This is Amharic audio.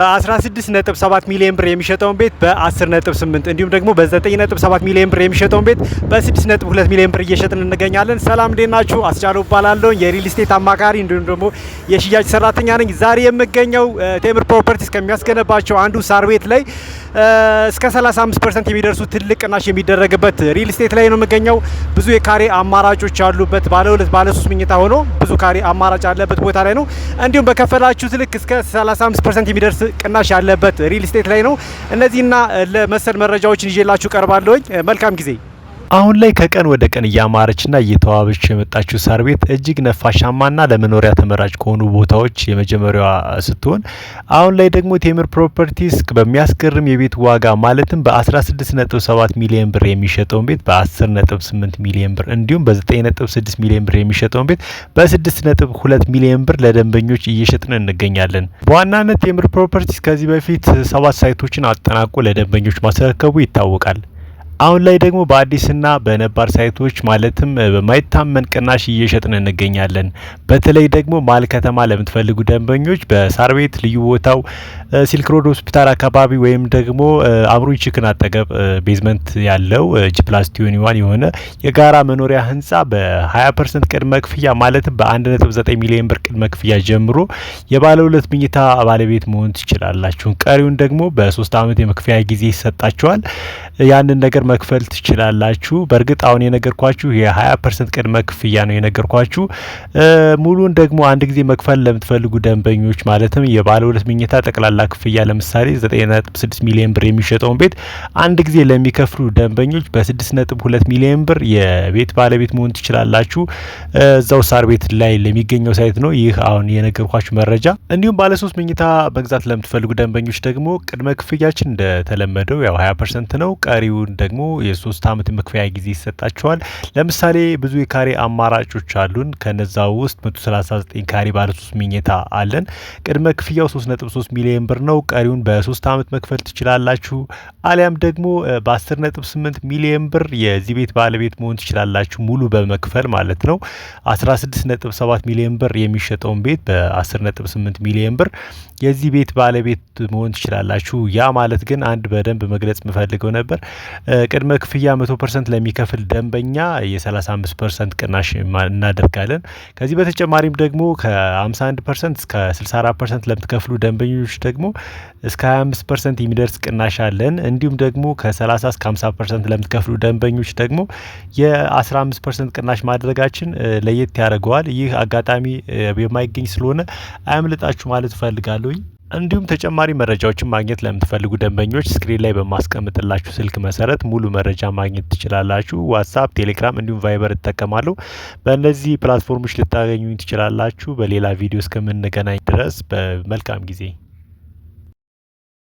በ16.7 ሚሊዮን ብር የሚሸጠውን ቤት በ10.8 እንዲሁም ደግሞ በ9.7 ሚሊዮን ብር የሚሸጠውን ቤት በ6.2 ሚሊዮን ብር እየሸጥን እንገኛለን። ሰላም እንዴት ናችሁ? አስቻለው እባላለሁ የሪል ስቴት አማካሪ እንዲሁም ደግሞ የሽያጭ ሰራተኛ ነኝ። ዛሬ የምገኘው ቴምር ፕሮፐርቲስ ከሚያስገነባቸው አንዱ ሳር ቤት ላይ እስከ 35 ፐርሰንት የሚደርሱ ትልቅ ቅናሽ የሚደረግበት ሪል ስቴት ላይ ነው የሚገኘው ብዙ የካሬ አማራጮች ያሉበት ባለ ሁለት ባለ ሶስት ምኝታ ሆኖ ብዙ ካሬ አማራጭ ያለበት ቦታ ላይ ነው። እንዲሁም በከፈላችሁት ልክ እስከ 35 ፐርሰንት የሚደርስ ቅናሽ ያለበት ሪል ስቴት ላይ ነው። እነዚህና ለመሰል መረጃዎችን ይዤላችሁ ቀርባለሁኝ። መልካም ጊዜ አሁን ላይ ከቀን ወደ ቀን እያማረችና እየተዋበች የመጣችው ሳር ቤት እጅግ ነፋሻማና ለመኖሪያ ተመራጭ ከሆኑ ቦታዎች የመጀመሪያዋ ስትሆን አሁን ላይ ደግሞ ቴምር ፕሮፐርቲስ በሚያስገርም የቤት ዋጋ ማለትም በ16.7 ሚሊዮን ብር የሚሸጠውን ቤት በ10.8 ሚሊዮን ብር እንዲሁም በ9.6 ሚሊዮን ብር የሚሸጠውን ቤት በ6.2 ሚሊዮን ብር ለደንበኞች እየሸጥን እንገኛለን። በዋናነት ቴምር ፕሮፐርቲስ ከዚህ በፊት ሰባት ሳይቶችን አጠናቆ ለደንበኞች ማስረከቡ ይታወቃል። አሁን ላይ ደግሞ በአዲስና በነባር ሳይቶች ማለትም በማይታመን ቅናሽ እየሸጥን እንገኛለን። በተለይ ደግሞ መሀል ከተማ ለምትፈልጉ ደንበኞች በሳር ቤት ልዩ ቦታው ሲልክሮድ ሆስፒታል አካባቢ ወይም ደግሞ አምሮ ችክን አጠገብ ቤዝመንት ያለው ጂፕላስ ቲዩኒዋን የሆነ የጋራ መኖሪያ ህንጻ በ20 ፐርሰንት ቅድመ ክፍያ ማለትም በ1.9 ሚሊዮን ብር ቅድመ ክፍያ ጀምሮ የባለ ሁለት ምኝታ ባለቤት መሆን ትችላላችሁ። ቀሪውን ደግሞ በሶስት አመት የመክፈያ ጊዜ ይሰጣችኋል። ያንን ነገር መክፈል ትችላላችሁ። በእርግጥ አሁን የነገርኳችሁ የ20 ፐርሰንት ቅድመ ክፍያ ነው የነገርኳችሁ። ሙሉን ደግሞ አንድ ጊዜ መክፈል ለምትፈልጉ ደንበኞች ማለትም የባለ ሁለት መኝታ ጠቅላላ ክፍያ ለምሳሌ 9.6 ሚሊዮን ብር የሚሸጠውን ቤት አንድ ጊዜ ለሚከፍሉ ደንበኞች በ6.2 ሚሊዮን ብር የቤት ባለቤት መሆን ትችላላችሁ። እዛው ሳር ቤት ላይ ለሚገኘው ሳይት ነው ይህ አሁን የነገርኳችሁ መረጃ። እንዲሁም ባለ ሶስት መኝታ መግዛት ለምትፈልጉ ደንበኞች ደግሞ ቅድመ ክፍያችን እንደተለመደው ያው 20 ፐርሰንት ነው። ቀሪውን ደግሞ ደግሞ የሶስት አመት መክፈያ ጊዜ ይሰጣቸዋል። ለምሳሌ ብዙ የካሬ አማራጮች አሉን ከነዛ ውስጥ 139 ካሬ ባለ ሶስት መኝታ አለን። ቅድመ ክፍያው 3.3 ሚሊዮን ብር ነው። ቀሪውን በሶስት አመት መክፈል ትችላላችሁ። አሊያም ደግሞ በ10.8 ሚሊዮን ብር የዚህ ቤት ባለቤት መሆን ትችላላችሁ ሙሉ በመክፈል ማለት ነው። 16.7 ሚሊዮን ብር የሚሸጠውን ቤት በ10.8 ሚሊዮን ብር የዚህ ቤት ባለቤት መሆን ትችላላችሁ። ያ ማለት ግን አንድ በደንብ መግለጽ የምፈልገው ነበር ቅድመ ክፍያ መቶ ፐርሰንት ለሚከፍል ደንበኛ የ35 ፐርሰንት ቅናሽ እናደርጋለን። ከዚህ በተጨማሪም ደግሞ ከ51 ፐርሰንት እስከ 64 ፐርሰንት ለምትከፍሉ ደንበኞች ደግሞ እስከ 25 ፐርሰንት የሚደርስ ቅናሽ አለን። እንዲሁም ደግሞ ከ30 እስከ 50 ፐርሰንት ለምትከፍሉ ደንበኞች ደግሞ የ15 ፐርሰንት ቅናሽ ማድረጋችን ለየት ያደርገዋል። ይህ አጋጣሚ የማይገኝ ስለሆነ አያምልጣችሁ ማለት እፈልጋለሁኝ። እንዲሁም ተጨማሪ መረጃዎችን ማግኘት ለምትፈልጉ ደንበኞች ስክሪን ላይ በማስቀምጥላችሁ ስልክ መሰረት ሙሉ መረጃ ማግኘት ትችላላችሁ። ዋትሳፕ፣ ቴሌግራም እንዲሁም ቫይበር እጠቀማለሁ። በእነዚህ ፕላትፎርሞች ልታገኙኝ ትችላላችሁ። በሌላ ቪዲዮ እስከምንገናኝ ድረስ በመልካም ጊዜ